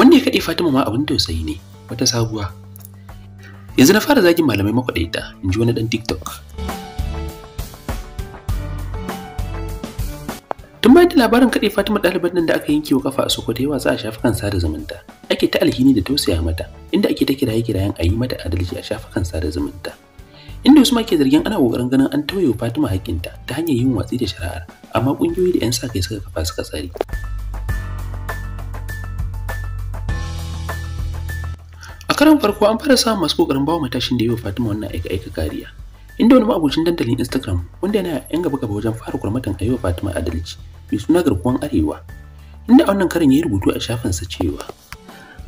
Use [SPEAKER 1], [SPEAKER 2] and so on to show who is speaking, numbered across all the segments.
[SPEAKER 1] wanda ya kaɗe fatima ma abin tausayi ne wata sabuwa yanzu na fara zagin malamai makwaɗaita in ji wani ɗan tiktok tun bayan da labarin kaɗe fatima ɗaliban nan da aka yanke wa kafa a sokoto yawa za a shafukan sada zumunta ake ta alhini da tausaya mata inda ake ta kiraye kirayen a yi mata adalci a shafukan sada zumunta inda wasu ke zargin ana kokarin ganin an tauye fatima hakinta ta hanyar yin watsi da shari'ar amma ƙungiyoyi da 'yan sa kai suka kafa suka tsari. karon farko an fara samun masu kokarin bawa matashin da yi wa Fatima wannan aika-aika kariya. Inda wani ma'abucin dandalin Instagram wanda yana yan gaba gaba wajen fara kurmatan a yi wa Fatima adalci mai suna garkuwan arewa. Inda a wannan karin ya yi rubutu a shafinsa cewa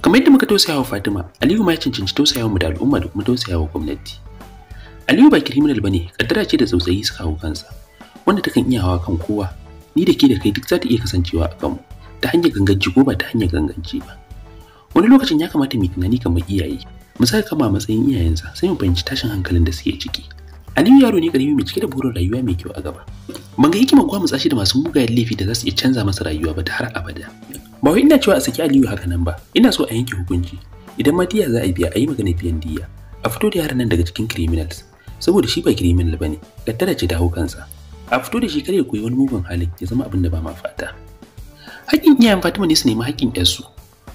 [SPEAKER 1] kamar yadda muka tausaya wa Fatima, Aliyu ma ya cancanci tausaya mu da al'umma da kuma tausaya wa gwamnati. Aliyu ba criminal bane, kaddara ce da tsautsayi su kawo kansa, wanda takan iya hawa kan kowa. Ni da ke da kai duk za ta iya kasancewa a kanmu ta hanyar ganganci ko ba ta hanyar ganganci ba. wani lokacin ya kamata mu tunani kamar iyaye mu saka kama matsayin iyayensa sai mu fahimci tashin hankalin da suke ciki Aliyu yaro ne karimi mai cike da burin rayuwa mai kyau a gaba ban ga hikimar mu tsashi da masu mugayen laifi da za su iya canza masa rayuwa ba ta har abada ba wai ina cewa a saki Aliyu haka nan ba ina so a yanke hukunci idan ma diya za a biya a yi magana biyan diya a fito da yaran nan daga cikin criminals saboda shi ba criminal bane kaddara ce dawo kansa a fito da shi kare koyi wani mugun halin ya zama abin da ba ma fata haƙƙin iyayen Fatima ne su nemi haƙƙin ƴarsu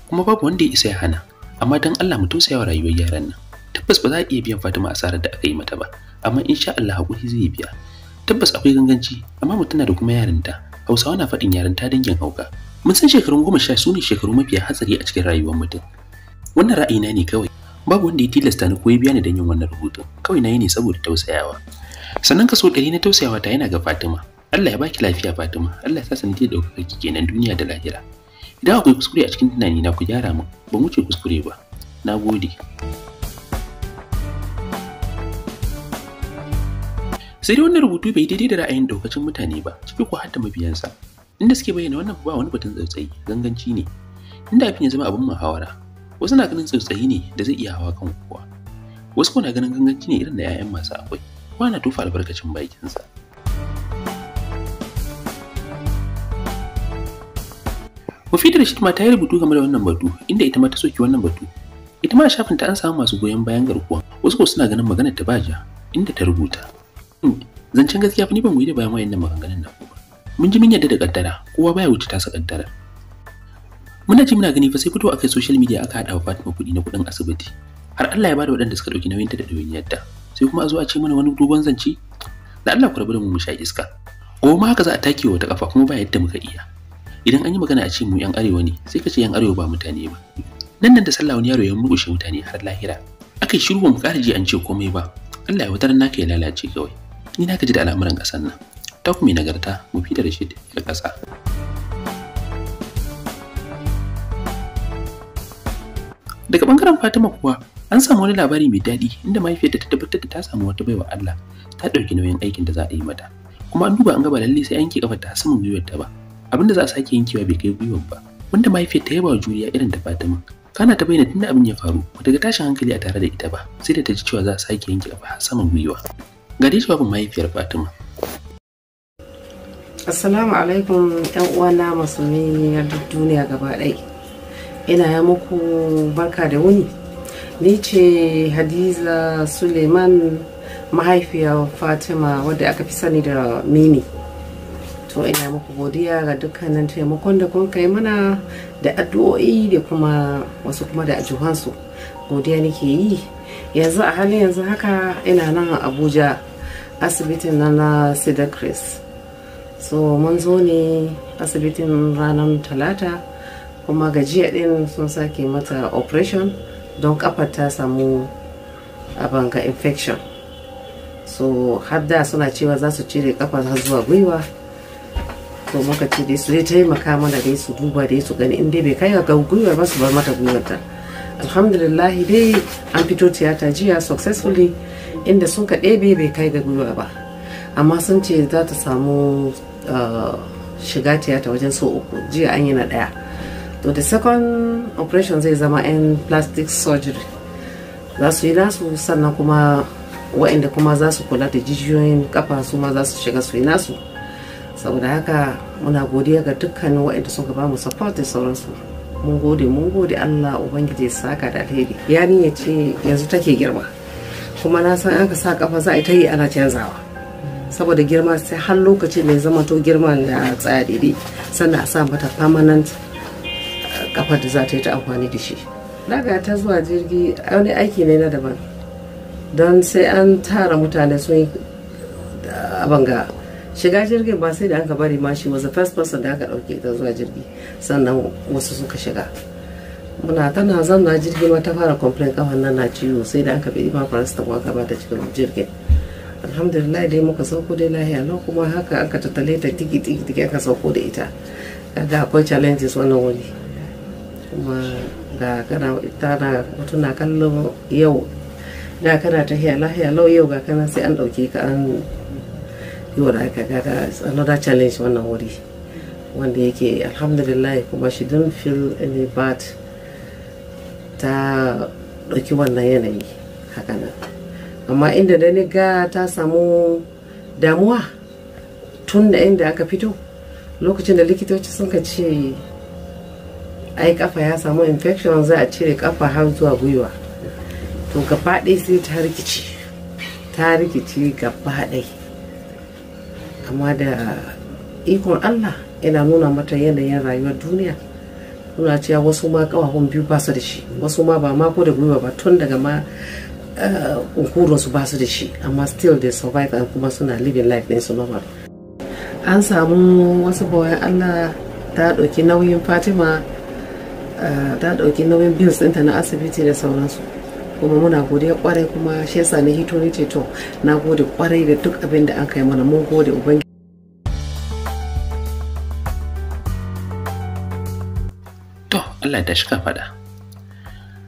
[SPEAKER 1] kuma babu wanda ya isa ya hana amma dan Allah mu tausaya wa rayuwar yaran nan tabbas ba za a iya biyan Fatima asarar da aka yi mata ba amma insha Allah hakuri zai biya tabbas akwai ganganci amma mutuna da kuma yarinta Hausawa na faɗin yarinta dangin hauka mun san shekarun goma sha su ne shekaru mafiya hatsari a cikin rayuwar mutum wannan ra'ayina ne kawai babu wanda ya tilasta ni ko ya biya ni don yin wannan rubutun kawai na yi ne saboda tausayawa sannan kaso ɗari na tausayawa ta yana ga Fatima Allah ya baki lafiya Fatima Allah ya sa sanadiyar ɗaukaka kenan duniya da lahira idan akwai kuskure a cikin tunani na ku gyara min ban wuce kuskure ba na gode sai dai wannan rubutu bai daidai da ra'ayin daukacin mutane ba ciki ko hatta mabiyansa inda suke bayyana wannan ba wani batun tsautsayi ganganci ne inda abin ya zama abin muhawara wasu na ganin tsautsayi ne da zai iya hawa kan kowa wasu ko na ganin ganganci ne irin da 'ya'yan masu akwai kowa na tufa albarkacin bakinsa da shi ma ta yi rubutu game da wannan batu inda ita ma ta soki wannan batu. Ita ma a ta an samu masu goyon bayan garkuwa wasu ko suna ganin maganar ta baja inda ta rubuta. Hmm, zancen gaskiya fa ni ban goyi da bayan wayannan maganganun na Mun ji mun yarda da kaddara kowa baya wuce ta sa kaddara. Muna ji muna gani fa sai fito akai social media aka haɗa wa Fatima kuɗi na kuɗin asibiti. Har Allah ya bada waɗanda suka ɗauki ta da ɗawainiyarta. Sai kuma a zo a ce mana wani dogon zance da Allah ku rabu da mu mu sha iska. Goma haka za a take wa kafa kuma ba yadda muka iya. idan an yi magana a ce mu yan arewa ne sai ka ce yan arewa ba mutane ba nan nan da sallah wani yaro ya murƙushe mutane har lahira aka yi shiru ba mu ƙara ji an ce komai ba Allah ya wutar naka ya lalace kawai ni na gaji da al'amuran ƙasar nan ta kuma nagarta mu fi da rashid ya ƙasa daga bangaren fatima kuwa an samu wani labari mai daɗi inda mahaifiyarta ta tabbatar da ta samu wata baiwa Allah ta ɗauki nauyin aikin da za a yi mata kuma an duba an gaba lalle sai an ke kafa ta saman gwiwar ta ba abinda za a sake yankewa bai kai gwiwa ba wanda mahaifiyar ta yaba wa juriya irin ta fatima kana ta bayyana tunda abin ya faru ba ta ga tashin hankali a tare da ita ba sai da ta ji cewa za a sake yanke abu har saman gwiwa ga dai jawabin mahaifiyar fatima assalamu
[SPEAKER 2] alaikum yan uwana musulmi na duk duniya gaba ɗaya ina ya muku barka da wuni ni ce hadiza suleiman mahaifiyar fatima wadda aka fi sani da mini so ina muku godiya ga dukkanin taimakon da kun kai mana da addu'o'i da kuma wasu kuma da ajuhansu godiya nake yi yanzu a halin yanzu haka ina nan a abuja asibitin na na sidakris so mun zo ne asibitin ranar talata kuma gajiya din sun sake mata operation don kafar ta samu abanga infection so hadda suna cewa za su cire kafa zuwa gwiwa to muka ce dai su dai taimaka mana dai su duba dai su gani in dai bai kai ga gwiwar ba su bar mata gwiwar ta alhamdulillah dai an fito tiyata jiya successfully inda sun ka ɗebe bai kai ga gwiwa ba amma sun ce za ta samu uh, shiga tiyata wajen so uku jiya an yi na ɗaya to the second operation zai zama yan plastic surgery za su yi nasu sannan kuma wa'inda kuma za su kula da jijiyoyin kafa su ma za su shiga su yi nasu saboda haka muna godiya ga dukkanin waɗanda suka ba mu support da sauransu mun gode mun gode Allah ubangiji ya saka da alheri yarinya ce yanzu take girma kuma na san aka sa kafa za a ta yi ana canzawa saboda girma sai har lokaci mai zama to girma da tsaya daidai sannan a sa mata permanent kafar eh, da za ta yi ta amfani da shi daga ta zuwa jirgi wani aiki ne na daban don sai an tara mutane sun yi eh, a banga shiga jirgin ba sai da aka bari ma shi was the first person da aka ɗauki ta zuwa jirgi sannan wasu suka shiga muna tana zanna jirgi ma ta fara complain kawai nan na ciwo sai da aka bi ma ko aka bata cikin jirgin alhamdulillah dai muka sauko dai lahiya lau kuma haka aka tattale ta tiki tiki tiki aka sauko da ita kaga akwai challenges wannan wani kuma ga kana tana mutuna kallon yau da kana ta hiya lahiya lau yau ga kana sai an ɗauki ka an yau da aka gada another challenge wannan wuri wanda yake alhamdulillah kuma she don't feel any bad ta ɗauki wannan yanayi hakanan amma inda da ga ta samu damuwa tun da inda aka fito lokacin da likitoci sun ka ce ai kafa ya samu infection za a cire kafa har zuwa gwiwa to gaba sai ta rikici ta rikici gaba ɗaya amma da ikon allah yana nuna mata yanayin rayuwar duniya kuna cewa wasu ma kawahun biyu ba su da shi wasu ma ba mako da gwiwa ba tun daga ma eh, su ba su da shi amma still they survive and kuma suna living life ɗinsu normal an samu wasu bayan allah ta dauki nauyin fatima eh, ta dauki nauyin bills ɗinta na asibiti da sauransu kuma muna godiya kwarai kuma shi yasa na hito ne to na gode kwarai da duk abin da an kai mana mun gode ubangiji
[SPEAKER 1] to Allah ta shika fada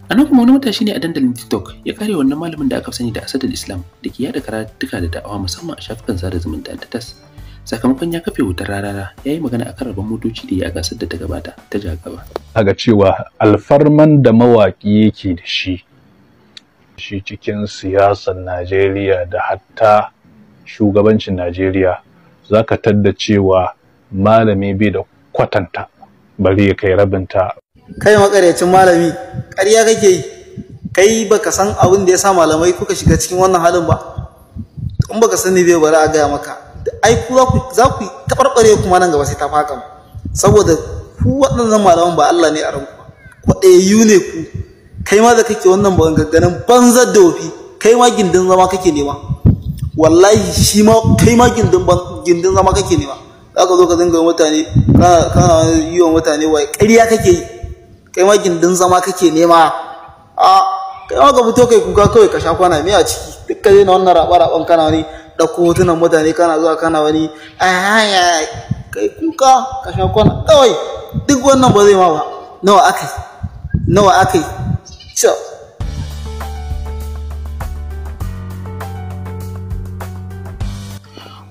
[SPEAKER 1] nan kuma wani matashi ne a dandalin tiktok ya kare wannan malamin da aka sani da asadul islam da ke yada karatuka da da'awa musamman a shafukan sada zumunta ta tas sakamakon ya kafe wutar rarara ya yi magana akan rabon motoci da ya gasar da ta gabata ta jagaba. A ga cewa alfarman da mawaki yake da shi shi cikin siyasar Najeriya da hatta shugabancin Najeriya za ka tadda cewa malami bai da kwatanta bari ya kai rabinta.
[SPEAKER 3] Kai makaryacin malami, ƙarya kake yi, kai baka san abin da ya sa malamai kuka shiga cikin wannan halin ba, in san sani bai bari a gaya maka. Ai, ku za ku taɓarɓare kuma nan gaba sai ta faka saboda ku waɗannan malaman ba Allah ne a ranku ba, kwaɗayayyu ne ku, kai ma da kake wannan maganganun banzar da wofi kai ma gindin zama kake nema wallahi shi ma kai ma gindin gindin zama kake nema za ka zo ka dinga mutane kana yi wa mutane wai ƙarya kake yi kai ma gindin zama kake nema a kai ma ka fito kai kuka kawai ka sha kwana me a ciki duk ka na wannan raɓa-raɓan kana wani ɗauko hotunan mutane kana zuwa kana wani ayaya kai kuka ka sha kwana kawai duk wannan ba zai ma ba nawa aka yi nawa
[SPEAKER 1] aka yi So,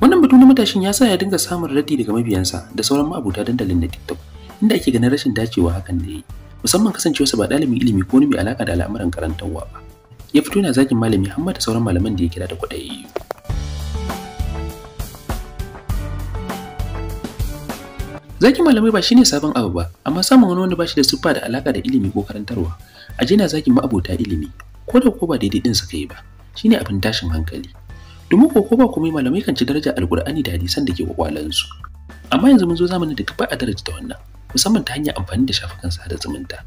[SPEAKER 1] wannan na matashin ya sa ya dinga samun raddi daga mabiyansa da sauran ma'abuta dandalin na TikTok, inda ake ganin rashin dacewa hakan da ya yi, musamman kasancewarsa ba ɗalibin ilimi ko wani mai alaƙa da al'amuran karantarwa ba. Ya fito na zagin malami hamma da sauran malaman da ya kira da kwaɗayi. Zagin malamai ba shine sabon abu ba, amma samun wani wanda ba shi da siffa da alaƙa da ilimi ko karantarwa, A na zagin ma'abota ilimi ko da ko ba daidai din suka yi ba shine abin tashin hankali domin ko ba komai malamai kan ci daraja alqur'ani da hadisan da ke su amma yanzu mun zo zamanin da ba a daraja ta wannan musamman ta hanyar amfani da shafukan sada zumunta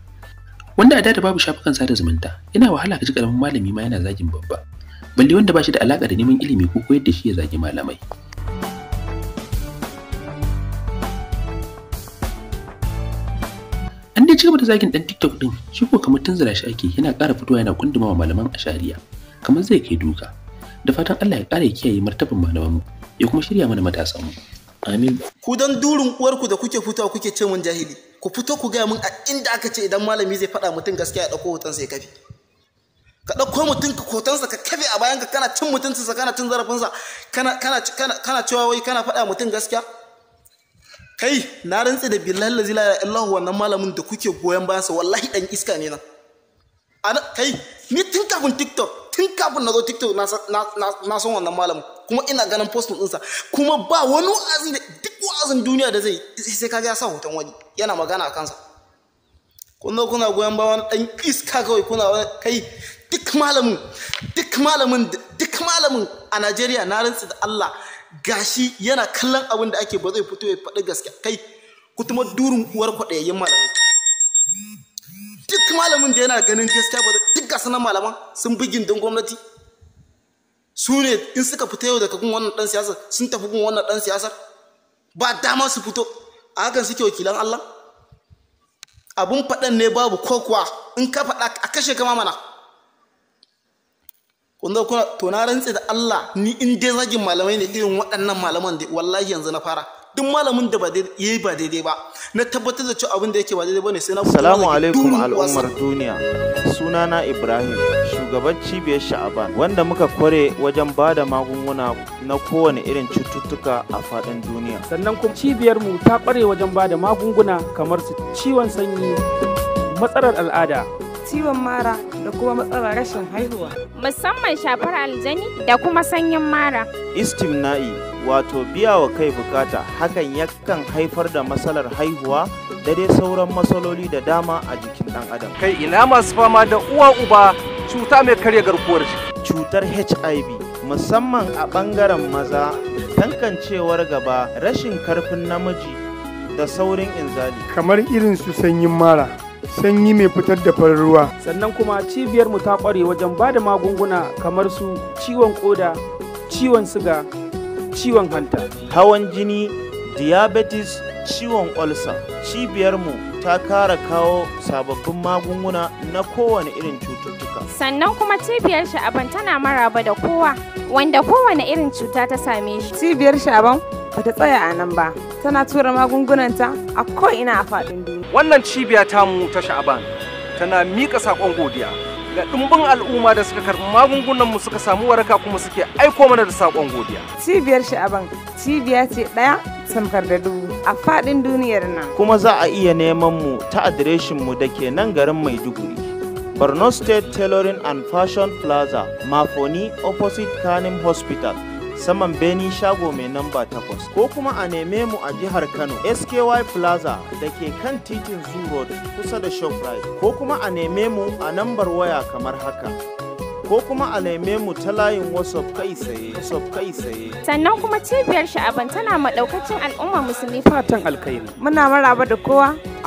[SPEAKER 1] wanda a da babu shafukan sada zumunta yana wahala ka ji karamin malami ma yana zagin babba balle wanda ba shi da alaka da neman ilimi ko koyar da shi ya zagi malamai ci gaba da zagin dan TikTok din, shi ko kamar zira shi ake yana ƙara fitowa yana kunduma wa malaman ashariya, kamar zai kai duka. Da fatan Allah ya ƙara kiyaye martaban malaman mu, ya kuma shirya mana matasan mu. Amin.
[SPEAKER 3] Ku dan durin uwarku da kuke fitowa kuke ce mun jahili, ku fito ku gaya mun a inda aka ce idan malami zai faɗa mutum gaskiya ya ɗauko hoton sai kafi. Ka ɗauko mutum ka hotonsa ka kafe a bayan ka kana cin mutuncinsa kana cin zarafinsa kana kana cewa wai kana faɗa mutum gaskiya. kai na rantsa da billahi lazi la illahu wannan malamin da kuke goyon bayansa sa wallahi dan iska ne nan kai ni tun kafin tiktok tun kafin na zo tiktok na son wannan malamin kuma ina ganin post ɗinsa kuma ba wani wa'azin duk wa'azin duniya da zai sai kaga ya sa hoton wani yana magana a kansa kuna kuna goyon ba wani dan iska kawai kuna wani kai duk malamin duk malamin duk malamin a Najeriya na rantsa da Allah gashi yana kallon abin da ake ba zai fito ya faɗi gaskiya kai kuma durin uwar yayin malamai duk malamin da yana ganin gaskiya ba duk ga sanan malaman sun bugin don gwamnati su ne in suka fita yau daga gun wannan dan siyasar sun tafi gun wannan dan siyasar ba dama su fito a hakan suke wakilan Allah abun faɗan ne babu ko kuwa in ka faɗa a kashe kama mana kun zo to na rantse da Allah ni in dai zagin malamai ne irin waɗannan malaman da wallahi yanzu na fara duk malamin da ba yayi ba daidai ba na tabbatar da cewa abin da yake ba daidai bane sai na Assalamu alaikum al'ummar
[SPEAKER 4] duniya sunana Ibrahim shugaban cibiyar Sha'aban wanda muka kware wajen bada da magunguna na kowane irin cututtuka a faɗin duniya sannan kuma cibiyar mu ta kware wajen bada magunguna kamar su ciwon sanyi matsalar al'ada
[SPEAKER 2] ciwon mara da kuma matsalar rashin haihuwa. Musamman shafar aljani da kuma sanyin mara.
[SPEAKER 4] Istimna'i wato biya wa kai bukata hakan yakan haifar da matsalar haihuwa da dai sauran matsaloli da dama a jikin ɗan adam. Kai ina masu fama da uwa uba cuta mai karya garkuwar Cutar HIV musamman a ɓangaren maza tankancewar gaba rashin karfin namiji da saurin inzali. Kamar irin su sanyin mara. sanyi mai fitar da farin ruwa sannan kuma cibiyar mu ta kware wajen ba da magunguna kamar su ciwon koda ciwon siga ciwon hanta hawan jini diabetes ciwon olsa cibiyar mu ta kara kawo sababbin magunguna na kowane irin cututtuka
[SPEAKER 2] sannan kuma cibiyar sha'aban tana maraba da kowa wanda kowane irin cuta ta same shi cibiyar sha'aban ba ta tsaya a nan ba tana tura magungunanta a ko'ina a faɗin duniya.
[SPEAKER 1] Wannan cibiya tamu ta Sha'aban tana miƙa saƙon godiya ga ɗumbin al'umma da suka karɓi magungunan mu suka samu waraka kuma suke
[SPEAKER 4] aiko mana da saƙon godiya.
[SPEAKER 2] Cibiyar Sha'aban cibiya ce ɗaya samkar da dubu a faɗin duniyar nan.
[SPEAKER 4] Kuma za a iya neman mu ta adireshin mu da ke nan garin Maiduguri. Borno State Tailoring and Fashion Plaza, Mafoni opposite Kanem Hospital, saman beni shago mai namba takwas ko kuma a neme mu a jihar kano sky plaza da ke kan titin zoo road kusa da shoprite ko kuma a neme mu a nambar waya kamar haka ko kuma a neme mu ta layin Whatsapp kai tsaye kai
[SPEAKER 2] sannan kuma cibiyar sha'aban tana maɗaukacin al'umma musulmi fatan alkhairi muna maraba da kowa